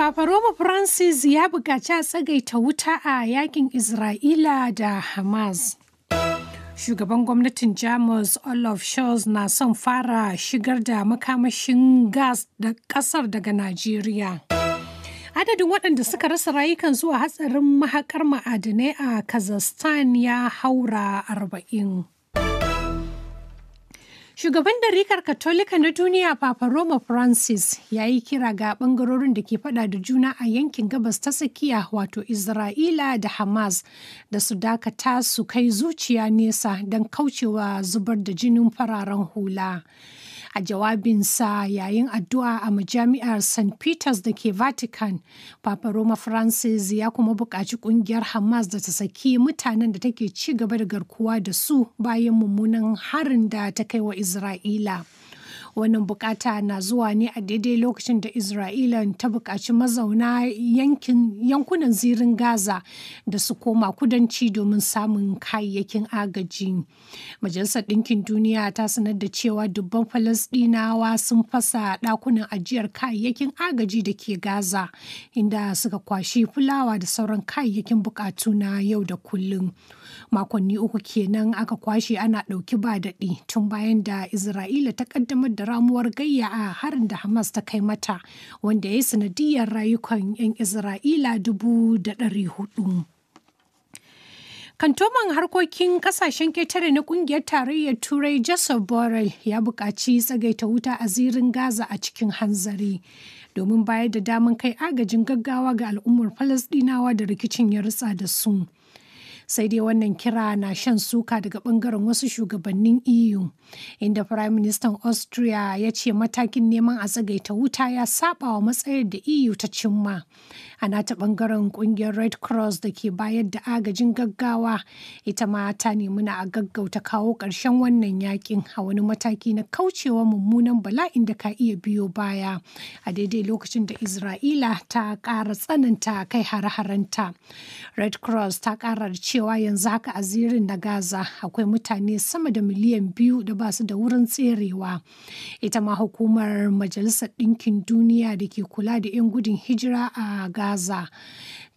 Papa Roma Francis ya buƙaci a tsagaita wuta a yakin Isra'ila da Hamas. Shugaban gwamnatin Jamus Olaf Scholz na son fara shigar da makamashin gas da ƙasar daga Najeriya. Adadin waɗanda suka rasa rayukansu a hatsarin mahakar ma'adanai a Kazakhstan ya haura arba'in. Shugaban Darikar Katolika na duniya Papa Roma Francis ya yi kira ga ɓangarorin da ke faɗa da juna a yankin gabas ta tsakiya wato Isra'ila da Hamas da su dakata su kai zuciya nesa don kaucewa zubar da jinin fararen hula. a jawabinsa yayin addu'a a majami'ar st peters da ke vatican papa roma francis ya kuma buƙaci ƙungiyar hamas da ta saki mutanen da take ci gaba da garkuwa da su bayan mummunan harin da ta kai wa isra'ila Wannan bukata na zuwa ne a daidai lokacin da Isra'ila ta buƙaci mazauna yankunan zirin Gaza da su koma kudanci domin samun kayayyakin agaji. Majalisar Ɗinkin Duniya ta sanar da cewa dubban Falasɗinawa sun fasa ɗakunan ajiyar kayayyakin agaji da ke Gaza, inda suka kwashi fulawa da sauran kayayyakin bukatu na yau da kullum. Makonni uku kenan aka kwashe ana ɗauki ba daɗi tun bayan da Isra'ila ta ƙaddamar da ramuwar gayya a harin da Hamas ta kai mata wanda ya yi sanadiyar rayukan 'yan Isra'ila dubu da ɗari hudu. Kantoman harkokin kasashen ketare na kungiyar tarayyar Turai Joseph Borrell ya buƙaci tsagaita wuta a zirin Gaza a cikin hanzari domin bayar da damar kai agajin gaggawa ga al'ummar Falasɗinawa da rikicin ya rutsa da su. sai dai wannan kira na shan suka daga bangaren wasu shugabannin eu inda prime minister austria ya ce matakin neman a tsagaita wuta ya saba wa matsayar da eu ta cimma a nata bangaren kungiyar red cross da ke bayar da agajin gaggawa ita ma ta nemi na a gaggauta kawo ƙarshen wannan yakin a wani mataki na kaucewa mummunan bala'in da ka iya biyo baya a daidai lokacin da isra'ila ta ƙara tsananta kai hare-harenta red cross ta ƙara cewa yanzu haka a zirin na gaza akwai mutane sama da miliyan biyu da ba su da wurin tserewa ita ma hukumar majalisar ɗinkin duniya da ke kula da 'yan gudun hijira a gaza Gaza.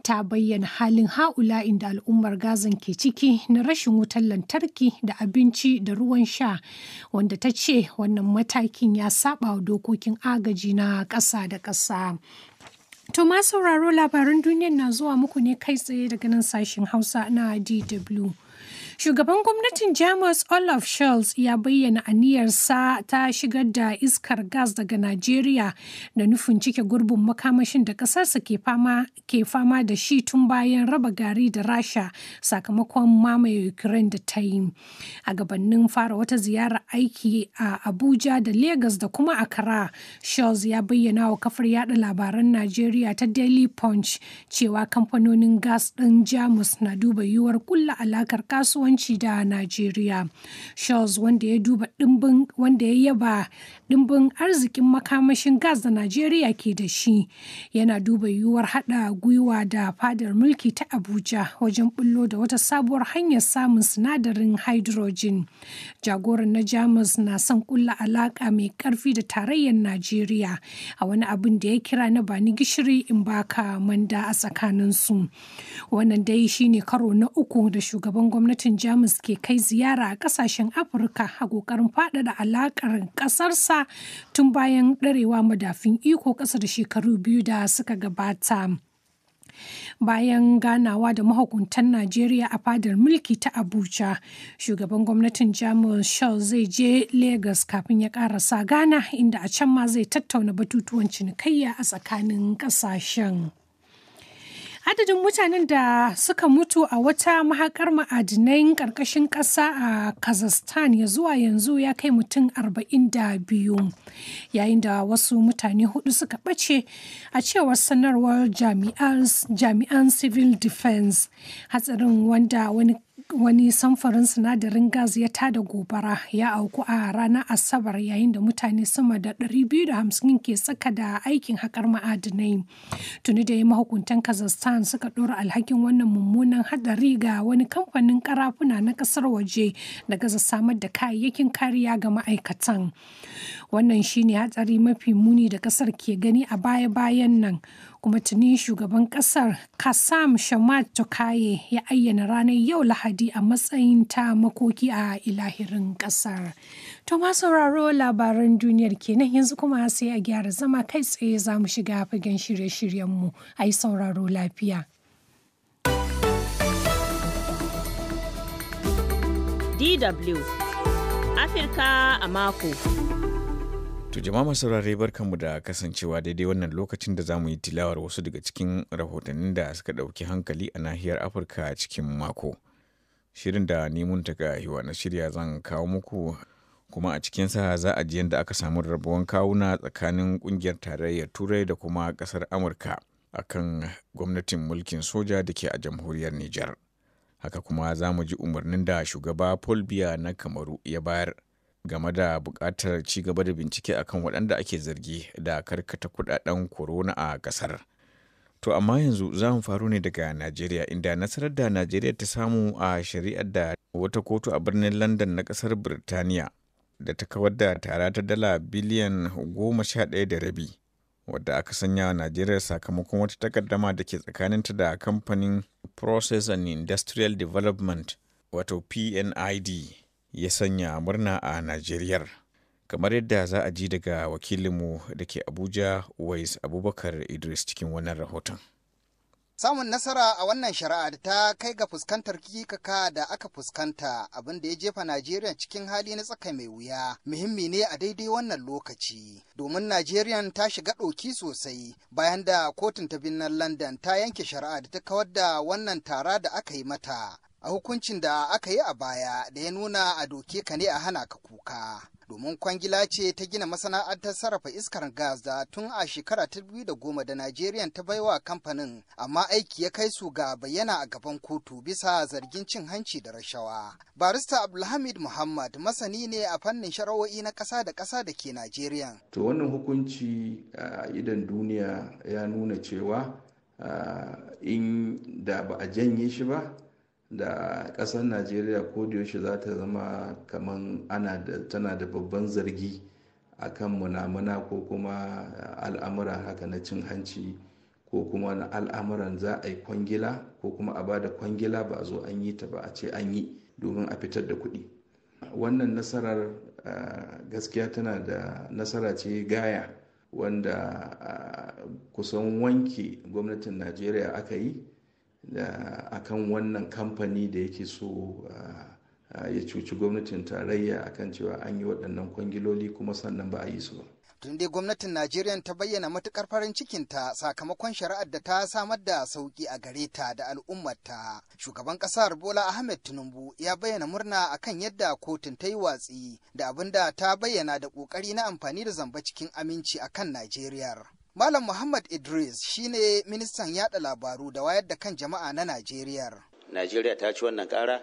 Ta bayyana halin ha'ula inda al'ummar Gazan ke ciki na rashin wutar lantarki da abinci da ruwan sha, wanda ta ce wannan matakin ya saba wa dokokin agaji na ƙasa da ƙasa. To ma sauraro labaran duniyar na zuwa muku ne kai tsaye daga nan sashen Hausa na DW. Shugaban gwamnatin Jamus Olaf Scholz ya bayyana aniyarsa ta shigar da iskar gas daga Najeriya da nufin cike gurbin makamashin da ƙasarsa ke fama da shi tun bayan raba gari da Rasha sakamakon mamaye Ukraine da ta yi. A gabanin fara wata ziyara aiki a Abuja da Legas da kuma Accra, Scholz ya bayyana wa kafar yada labaran Najeriya ta Daily Punch cewa kamfanonin gas ɗin Jamus na duba yiwuwar kulla alakar kasuwanci kasuwanci da Najeriya. Charles wanda ya duba dimbin wanda ya yaba dimbin arzikin makamashin gas da Najeriya ke da shi yana duba yiwuwar haɗa gwiwa da fadar mulki ta Abuja wajen bullo da wata sabuwar hanyar samun sinadarin hydrogen. Jagoran na Jamus na son kulla alaƙa mai ƙarfi da tarayyar Najeriya a wani abin da ya kira na bani gishiri in baka manda a tsakaninsu. Wannan dai shine karo na uku da shugaban gwamnatin Sojin Jamus ke kai ziyara a ƙasashen Afirka a kokarin faɗaɗa alaƙar ƙasarsa tun bayan ɗarewa madafin iko ƙasa da shekaru biyu da suka gabata. bayan ganawa da mahukuntan Najeriya a fadar mulki ta Abuja. Shugaban gwamnatin Jamus Shaw zai je Legas kafin ya karasa Ghana inda a can ma zai tattauna batutuwan cinikayya a tsakanin ƙasashen. Adadin mutanen da suka mutu a wata mahakar ma'adinai ƙarƙashin ƙasa a Kazakhstan ya zuwa yanzu ya kai mutum 42 yayin da wasu mutane hudu suka ɓace a cewar sanarwar jami'an civil defense hatsarin wanda wani wani samfarin sinadarin gas ya tada gobara ya auku a ranar asabar yayin da mutane sama da 250 ke tsaka da aikin haƙar ma'adinai tuni da mahukuntan kazakhstan suka ɗora alhakin wannan mummunan hadari ga wani kamfanin karafuna na ƙasar waje da gaza samar da kayayyakin kariya ga ma'aikatan Wannan shi ne hatsari mafi muni da kasar ke gani a baya-bayan nan, kuma tuni shugaban kasar kasam shamat Tokaye ya ayyana ranar yau Lahadi a matsayin ta makoki a ilahirin kasar. To sauraro labaran duniyar kenan yanzu kuma sai a gyara zama kai tsaye za mu shiga fagen shirye-shiryenmu a yi sauraro lafiya. DW Afirka a mako. To jama'a saurare barkanmu da kasancewa daidai wannan lokacin da za mu yi tilawar wasu daga cikin rahotannin da suka ɗauki hankali a nahiyar Afirka cikin mako. Shirin da nemun taka hiwa na shirya zan kawo muku kuma a cikin sa za a ji yadda aka samu rabuwan kawuna tsakanin kungiyar tarayyar Turai da kuma ƙasar Amurka akan gwamnatin mulkin soja da ke a jamhuriyar Nijar. Haka kuma za mu ji umarnin da shugaba Paul Biya na Kamaru ya bayar game da buƙatar ci gaba da bincike akan waɗanda ake zargi da karkata kudaden korona a ƙasar. To amma yanzu za mu faru ne daga Najeriya inda nasarar da Najeriya ta samu a shari'ar da wata kotu a birnin London na ƙasar Birtaniya da ta kawar da tara ta dala biliyan goma sha ɗaya da rabi wadda aka sanya a Najeriya sakamakon wata takaddama da ke tsakaninta da kamfanin Process and Industrial Development wato PNID ya sanya murna a Najeriyar. Kamar yadda za a ji daga wakilinmu da ke Abuja, wais Abubakar Idris cikin wannan rahoton. Samun nasara a wannan shari'a da ta kai ga fuskantar kikaka da aka fuskanta abin da ya jefa Najeriya cikin hali na tsaka mai wuya muhimmi ne a daidai wannan lokaci domin Najeriya ta shiga ɗoki sosai bayan da kotun ta birnin London ta yanke shari'a da ta kawar da wannan tara da aka yi mata a hukuncin da aka yi a baya da ya nuna a doke ka ne a hana ka kuka. Domin kwangila ce ta gina masana'antar sarrafa iskar gas da tun a shekara ta biyu da goma da Najeriya ta baiwa kamfanin, amma aiki ya kai su ga bayyana a gaban kotu bisa zargin cin hanci da rashawa. Barista Abdulhamid Muhammad masani ne a fannin shara'o'i na ƙasa da ƙasa da ke Najeriya. To wannan hukunci a idan duniya ya nuna cewa in da ba a janye shi ba da ƙasar najeriya ko da yaushe za ta zama kamar ana tana da babban zargi a kan munamuna ko kuma al'amura haka na cin hanci ko kuma na al'amuran za a yi kwangila ko kuma a ba da kwangila ba a zo an yi ta ba a ce an yi domin a fitar da kuɗi wannan nasarar gaskiya tana da nasara ce gaya wanda kusan wanke gwamnatin najeriya aka yi akan wannan kamfani da yake so ya cuci gwamnatin tarayya akan cewa an yi waɗannan kwangiloli kuma sannan ba a yi su ba. tun dai gwamnatin Najeriya ta bayyana matukar farin cikinta sakamakon shari'ar da ta samar da sauki a gare ta da al'ummarta. Shugaban ƙasar Bola Ahmed Tinubu ya bayyana murna akan yadda kotun ta yi watsi da abin da ta bayyana da kokari na amfani da zamba cikin aminci akan Najeriya. Malam Muhammad Idris shine ministan yada labaru da wayar da kan jama'a na Najeriya. Najeriya ta ci wannan kara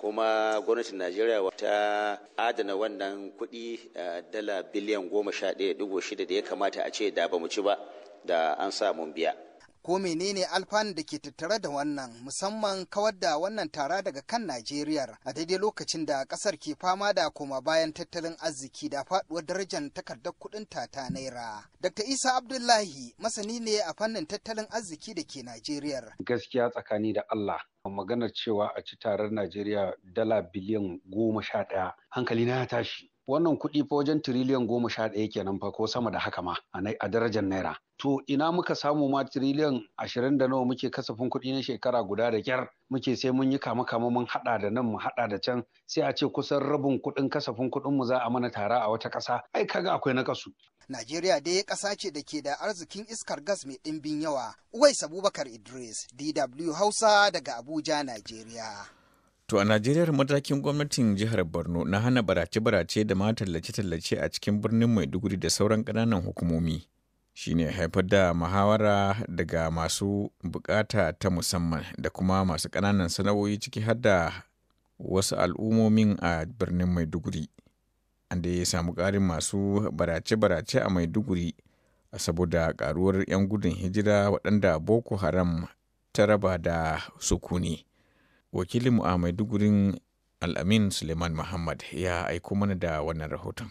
kuma gwamnatin Najeriya ta adana wannan kuɗi eh, dala biliyan goma sha ɗaya da ya kamata a ce da ba mu ci ba da an sa mun biya. ko menene alfanu da ke tattare da wannan musamman kawar da wannan tara daga kan Najeriya a daidai lokacin da kasar ke fama da koma bayan tattalin arziki da faduwar darajar takardar kuɗin ta naira. Dr. Isa Abdullahi masani ne a fannin tattalin arziki da ke Najeriya. Gaskiya tsakani da Allah maganar cewa a ci tarar Najeriya dala biliyan goma sha ɗaya hankali na ya tashi wannan kuɗi fa wajen tiriliyan goma sha ɗaya kenan fa ko sama da haka ma a darajar naira to ina muka samu ma tiriliyan ashirin da nawa muke kasafin kuɗi na shekara guda da kyar muke sai mun yi kama kama mun haɗa da nan mu haɗa da can sai a ce kusan rabin kuɗin kasafin kuɗin mu za a mana tara a wata ƙasa ai kaga akwai na kasu Najeriya dai ƙasa ce da ke da arzikin iskar gas mai ɗimbin yawa. Uwais Abubakar Idris, DW Hausa daga Abuja, Najeriya. To a Najeriya matakin gwamnatin jihar Borno na hana barace-barace da ma tallace-tallace a cikin birnin Maiduguri da sauran ƙananan hukumomi shi ne haifar da muhawara daga masu bukata ta musamman da kuma masu ƙananan sana'o'i ciki har da wasu al'ummomin a birnin Maiduguri. An da ya samu ƙarin masu barace-barace a Maiduguri saboda ƙaruwar 'yan gudun hijira waɗanda Boko Haram ta raba da sukuni. wakilinmu a maidugurin al'amin suleiman muhammad ya aiko mana da wannan rahoton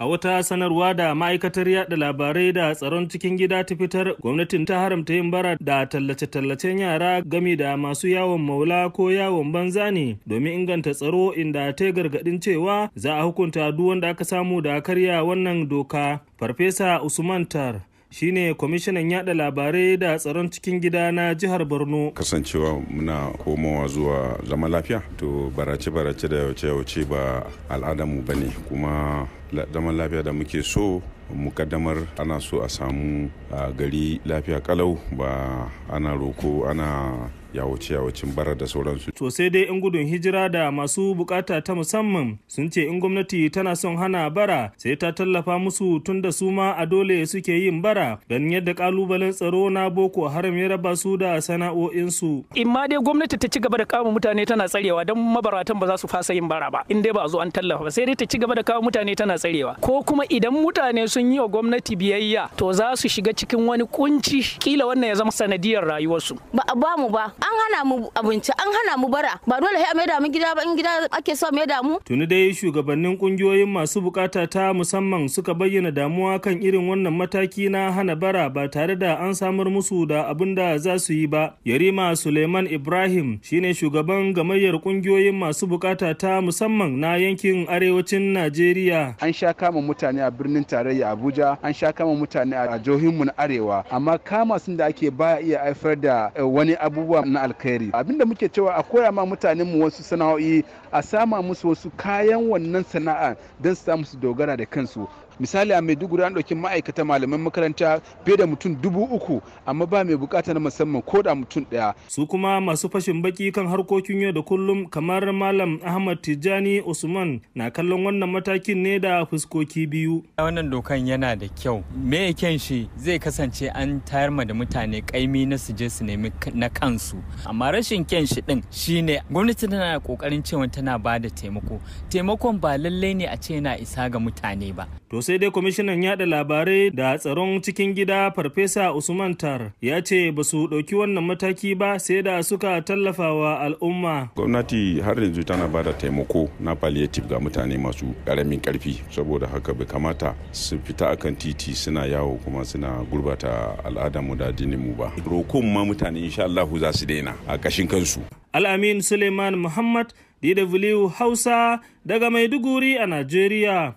A wata sanarwa da ma'aikatar yada labarai da tsaron cikin gida ta fitar, gwamnatin ta haramta yin bara da tallace-tallacen yara gami da masu yawon maula ko yawon banza ne domin inganta tsaro inda ta gargaɗin cewa za a hukunta duk wanda aka samu da karya wannan doka. Farfesa Usman Tar shine kwamishinan yada labarai da tsaron cikin gida na jihar borno kasancewa muna komowa zuwa zama lafiya to barace-barace da yauce-yauce ba al'adamu ba ne kuma zaman lafiya da muke so mukaddamar ana so a samu gari lafiya kalau ba ana roko ana ya wucin bara da sauransu. To sai dai in gudun hijira da masu bukata ta musamman sun ce in gwamnati tana son hana bara sai ta tallafa musu tun da su ma a dole suke yin bara don yadda kalubalen tsaro na boko haram ya raba su da sana'o'insu. In ma dai gwamnati ta ci gaba da kawo mutane tana tsarewa don mabaratan ba za su fasa yin bara ba in dai ba a zo an tallafa ba sai dai ta ci gaba da kawo mutane tana tsarewa ko kuma idan mutane sun yi wa gwamnati biyayya to za su shiga cikin wani kunci kila wannan ya zama sanadiyar rayuwarsu. Ba a ba mu ba an hana mu abinci an hana mu bara ba dole sai a maida mu gida ba in gida ake so maida mu tuni dai shugabannin kungiyoyin masu bukata ta musamman suka bayyana damuwa kan irin wannan mataki na hana bara ba tare da an samar musu da abin da za su yi ba yarima suleiman ibrahim shine shugaban gamayyar kungiyoyin masu bukata ta musamman na yankin arewacin najeriya an sha kama mutane a birnin tarayya abuja an sha kama mutane a jihohinmu na arewa amma kama sun da ake baya iya haifar da eh, wani abubuwa na alkhairi abinda muke cewa a koya ma mutanen mu wasu sana'o'i a sama musu wasu kayan wannan sana'a don su samu su dogara da kansu misali a maiduguri an ɗauki ma'aikata malaman makaranta fiye da mutum dubu uku amma ba mai bukata na musamman ko da mutum ɗaya. su kuma masu fashin baki kan harkokin yau da kullum kamar malam ahmad tijjani usman na kallon wannan matakin ne da fuskoki biyu. wannan dokan yana da kyau me kyan shi zai kasance an tayar ma da mutane kaimi na su je su nemi na kansu amma rashin kyan shi din shine gwamnati tana kokarin cewa tana ba da taimako taimakon ba lallai ne a ce na isa ga mutane ba to sai dai kwamishinan yada labarai da tsaron cikin gida farfesa usman tar ya ce ba su ɗauki wannan mataki ba sai da suka tallafa wa al'umma gwamnati har yanzu tana ba da taimako na palliative ga mutane masu ƙaramin ƙarfi saboda haka bai kamata su fita akan titi suna yawo kuma suna gurbata al'adarmu da mu ba rokon ma mutane insha Allah za su daina a ƙashin kansu Al'amin Suleiman Muhammad DW Hausa daga Maiduguri a Najeriya.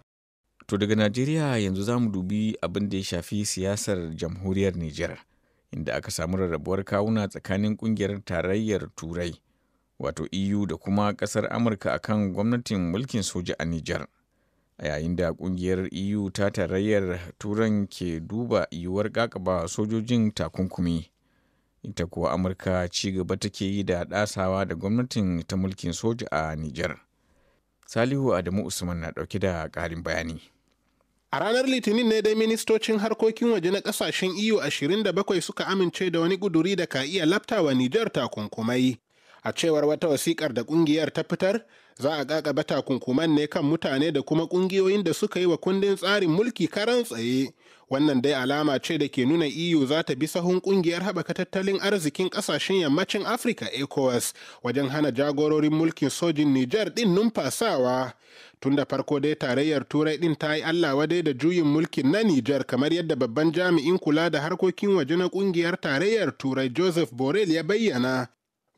To daga Najeriya yanzu za mu dubi abin da ya shafi siyasar jamhuriyar Nijar, inda aka samu rarrabuwar kawuna tsakanin kungiyar tarayyar Turai, wato EU da kuma ƙasar Amurka akan gwamnatin mulkin soja a Nijar. A yayin da kungiyar EU ta tarayyar Turan ke duba yiwuwar kakaba sojojin takunkumi. ita kuwa amurka ci gaba take yi da ɗasawa da gwamnatin ta mulkin soja a niger salihu adamu usman na ɗauke da karin bayani A ranar Litinin ne dai ministocin harkokin waje na kasashen e iyo 27 suka amince da wani guduri da ka iya laftawa Nijar takunkumai. A cewar wata wasikar da kungiyar ta fitar, za a kakaba takunkuman ne kan mutane da kuma ƙungiyoyin da suka yi wa kundin tsarin mulki karan tsaye wannan dai alama ce da ke nuna eu za ta bi sahun ƙungiyar haɓaka tattalin arzikin ƙasashen yammacin afirka ecowas wajen hana jagororin mulkin sojin niger ɗin numfasawa tun da farko dai tarayyar turai ɗin ta yi allawa dai da juyin mulkin na niger kamar yadda babban jami'in kula da harkokin waje na ƙungiyar tarayyar turai joseph borrell ya bayyana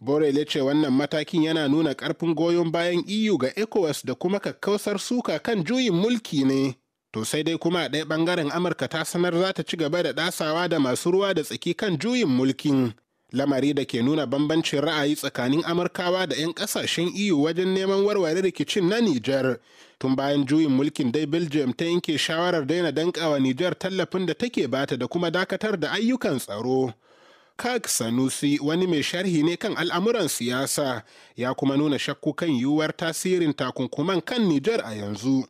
borel ya ce wannan matakin yana nuna karfin goyon bayan eu ga ecowas da kuma kakkausar suka kan juyin mulki ne to sai dai kuma a ɗaya ɓangaren amurka ta sanar za ta ci gaba da ɗasawa da masu ruwa da tsaki kan juyin mulkin lamari da ke nuna bambancin ra'ayi tsakanin amurkawa da 'yan ƙasashen eu wajen neman warware rikicin na niger tun bayan juyin mulkin dai belgium ta yanke shawarar daina dankawa niger tallafin da take bata da kuma dakatar da ayyukan tsaro Kak Sanusi wani mai sharhi ne kan al'amuran siyasa ya kuma nuna shakku kan yiwuwar tasirin takunkuman kan Nijar a yanzu.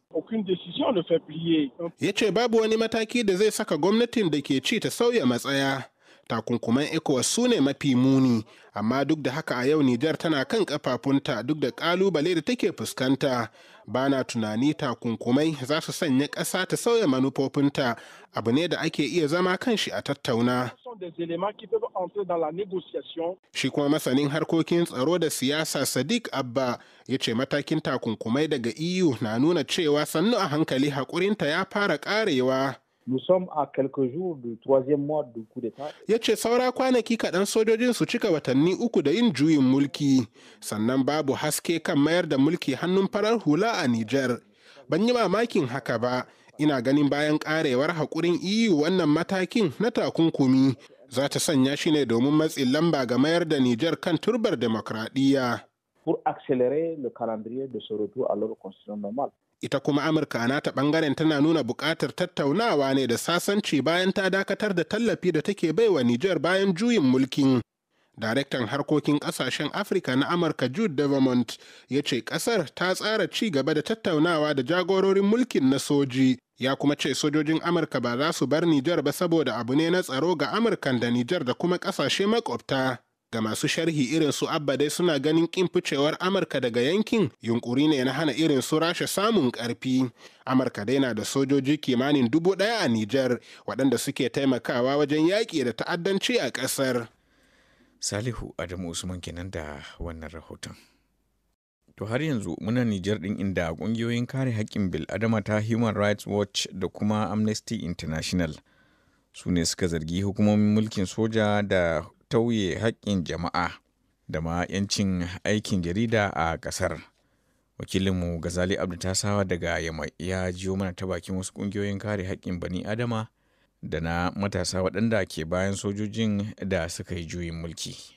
Ya ce babu wani mataki da zai saka gwamnatin da ke ci ta sauya matsaya. Takunkuman ECOWAS su ne mafi muni, amma duk da haka a yau Nijar tana kan kafafunta duk da ƙalubale da take fuskanta ba na tunani takunkumai za su sanya ƙasa ta sauya manufofinta abu ne da ake iya zama kan shi a tattauna shi kuma masanin harkokin tsaro da siyasa sadiq abba ya ce matakin takunkumai daga eu na nuna cewa sannu a hankali haƙurinta ya fara ƙarewa Nous sommes à quelques jours du troisième mois du coup d'État. Ya ce saura kwanaki kaɗan sojojin su cika watanni uku da yin juyin mulki, sannan babu haske kan mayar da mulki hannun farar hula a Nijar. Ban yi mamakin haka ba, ina ganin bayan ƙarewar haƙurin EU wannan matakin na takunkumi za ta sanya shi ne domin matsin lamba ga mayar da Nijar kan turbar demokradiyya. Pour accélérer le calendrier de ce retour à l'ordre constitutionnel normal. ita kuma amurka a nata bangaren tana nuna buƙatar tattaunawa ne da sasanci bayan ta dakatar da tallafi da take baiwa nijar bayan juyin mulkin daraktan harkokin kasashen afirka na amurka jude devamont ya ce kasar ta tsara ci gaba da tattaunawa da jagororin mulkin na soji ya kuma ce sojojin amurka ba za su bar nijar ba saboda abu ne na tsaro ga amurkan da nijar da kuma kasashe makwabta da masu sharhi irin su abba dai suna ganin kin ficewar amurka daga yankin yunkuri ne na hana irin su rasha samun karfi amurka dai na da sojoji kimanin dubu daya a nijar waɗanda suke taimakawa wajen yaƙi da ta'addanci a ƙasar salihu adamu usman kenan da wannan rahoton To har yanzu muna Nijar ɗin inda ƙungiyoyin kare haƙƙin bil'adama ta Human Rights Watch da kuma Amnesty International su ne suka zargi hukumomin mulkin soja da tauye haƙƙin jama'a da ma 'yancin aikin jarida a ƙasar. Wakilinmu Gazali Abdu Tasawa daga yamma ya jiyo mana ta bakin wasu ƙungiyoyin kare haƙƙin bani Adama da na matasa waɗanda ke bayan sojojin da suka yi juyin mulki.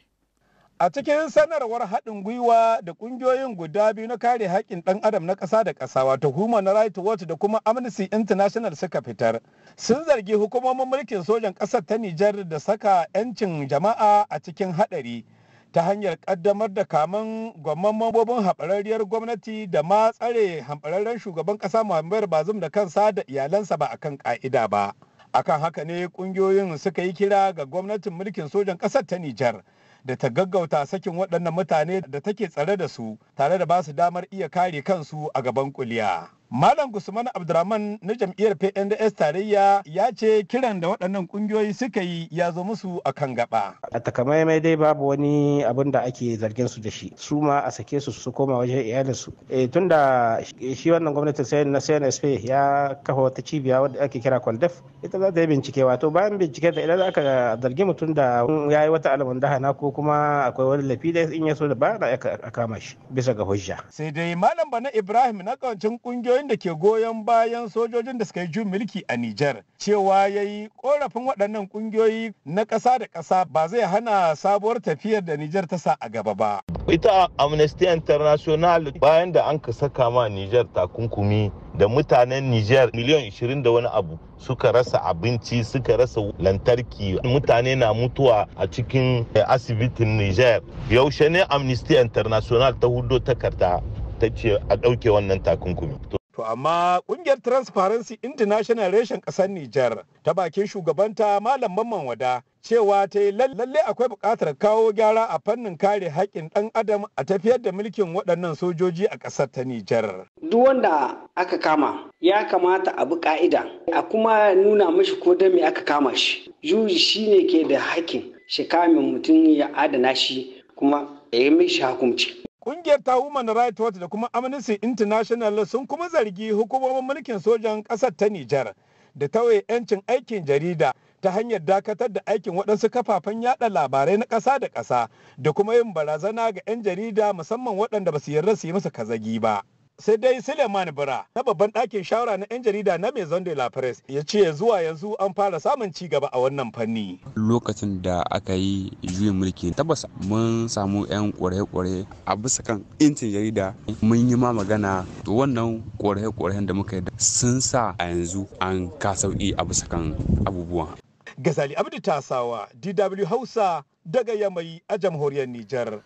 A cikin sanarwar haɗin gwiwa da ƙungiyoyin guda biyu na kare haƙƙin ɗan adam na ƙasa da ƙasa wato Human Rights Watch da kuma Amnesty International suka fitar. Sun zargi hukumomin mulkin sojan ƙasar ta Nijar da saka 'yancin jama'a a cikin haɗari ta hanyar ƙaddamar da kamun gwamman mambobin haɓararriyar gwamnati da ma tsare haɓararren shugaban ƙasa Muhammadu Bazum da kansa da iyalansa ba akan ƙa'ida ba. Akan haka ne ƙungiyoyin suka yi kira ga gwamnatin mulkin sojan ƙasar ta Nijar. da ta gaggauta sakin waɗannan mutane da take tsare da su tare da ba su damar iya kare kansu a gaban kuliya. Malam Gusman Abdurrahman na jam'iyyar PNDS tarayya ya ce kiran da waɗannan ƙungiyoyi suka yi ya zo musu a kan gaba. A takamaimai dai babu wani abin da ake zargin su da shi. Su ma a sake su su koma wajen iyalinsu. E, eh, tun da shi wannan gwamnatin sayan na CNSP ya kafa wata cibiya wadda ake kira Kwaldef. Ita za ta yi bincike wato bayan bincike da idan aka zargi mutum da ya yi wata alamun dahana ko kuma akwai wani lafi da in ya so da ba a kama shi bisa ga hujja. Sai dai Malam Bana Ibrahim na kawancin ƙungiyoyi Ƙungiyoyin da ke goyon bayan sojojin da suka yi jun mulki a Nijar cewa ya yi ƙorafin waɗannan ƙungiyoyi na ƙasa da ƙasa ba zai hana sabuwar tafiyar da Nijar ta sa a gaba ba. Ita Amnesty International bayan da an ka saka ma Nijar takunkumi da mutanen Nijar miliyan 20 da wani abu suka rasa abinci suka rasa lantarki mutane na mutuwa a cikin eh, asibitin Nijar. Yaushe ne Amnesty International ta hudo takarda ta ce a ɗauke wannan takunkumi. To amma kungiyar Transparency International reshen ƙasar Nijar ta bakin shugabanta Malam Mamman Wada cewa ta yi lalle akwai bukatar kawo gyara a fannin kare haƙƙin ɗan adam a tafiyar da mulkin waɗannan sojoji a ƙasar ta Nijar. Duk wanda aka kama ya kamata a bi ƙa'ida a kuma nuna mashi ko da me aka kama shi. Juji shi ne ke da haƙƙin shi kamin mutum ya adana shi kuma ya yi mishi hukunci. Ƙungiyar ta Human Rights Watch da kuma Amnesty International sun kuma zargi hukumomin mulkin sojan ƙasar ta Nijar da tauye 'yancin aikin jarida ta hanyar dakatar da aikin waɗansu kafafen yada labarai na ƙasa da ƙasa da kuma yin barazana ga 'yan jarida musamman waɗanda ba su yarda su yi musu kazagi ba. sai dai suleiman bura na babban ɗakin shawara na 'yan jarida na maison de la presse ya ce zuwa yanzu an fara samun ci gaba a wannan fanni lokacin da aka yi juyin mulki tabbas mun samu 'yan kware-kware a bisa kan intin jarida mun yi ma magana to wannan kware-kwaren da muka yi sun sa a yanzu an ka sauki a bisa kan abubuwan gazali abdu tasawa dw hausa daga yamai a jamhuriyar nijar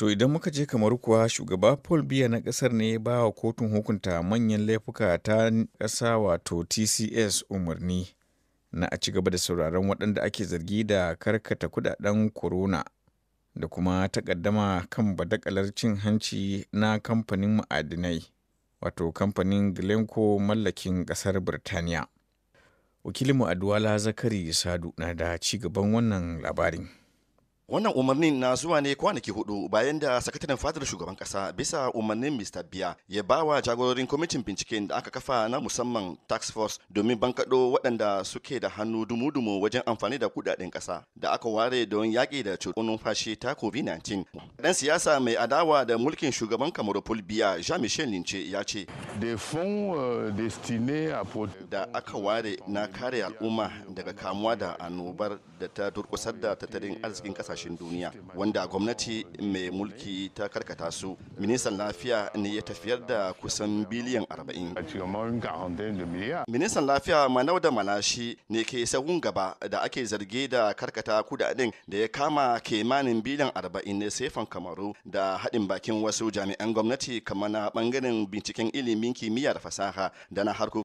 To idan muka je kamar kuwa shugaba Paul Biya na kasar ne ba wa kotun hukunta manyan laifuka ta ƙasa wato TCS umarni na a ci gaba da sauraron waɗanda ake zargi da karkata kudaden corona da kuma takaddama kan badakalar cin hanci na kamfanin ma'adinai wato kamfanin Glencoe mallakin ƙasar Birtaniya. Wakilinmu Aduwala Zakari Sadu na da ci gaban wannan labarin. wannan umarnin na zuwa ne kwanaki hudu bayan da sakataren fadar shugaban kasa bisa umarnin mr biya ya ba wa jagororin kwamitin binciken da aka kafa na musamman tax force domin bankado waɗanda suke da hannu dumu-dumu wajen amfani da kudaden kasa da aka ware don yaƙi da cutar numfashi ta covid-19 dan siyasa mai adawa da mulkin shugaban kamaru biya jean michel lince ya ce euh, da aka ware na kare al'umma daga kamuwa da annobar da ta durkusar da tattalin arzikin kasashe kasashen duniya wanda gwamnati mai mulki ta karkata su ministan lafiya ne ya tafiyar da kusan biliyan 40 ministan lafiya manau da malashi ne ke sahun gaba da ake zarge da karkata kudaden da ya kama kimanin biliyan 40 ne sefan kamaru da haɗin bakin wasu jami'an gwamnati kamar na ɓangaren binciken ilimin kimiyya da fasaha da na harkokin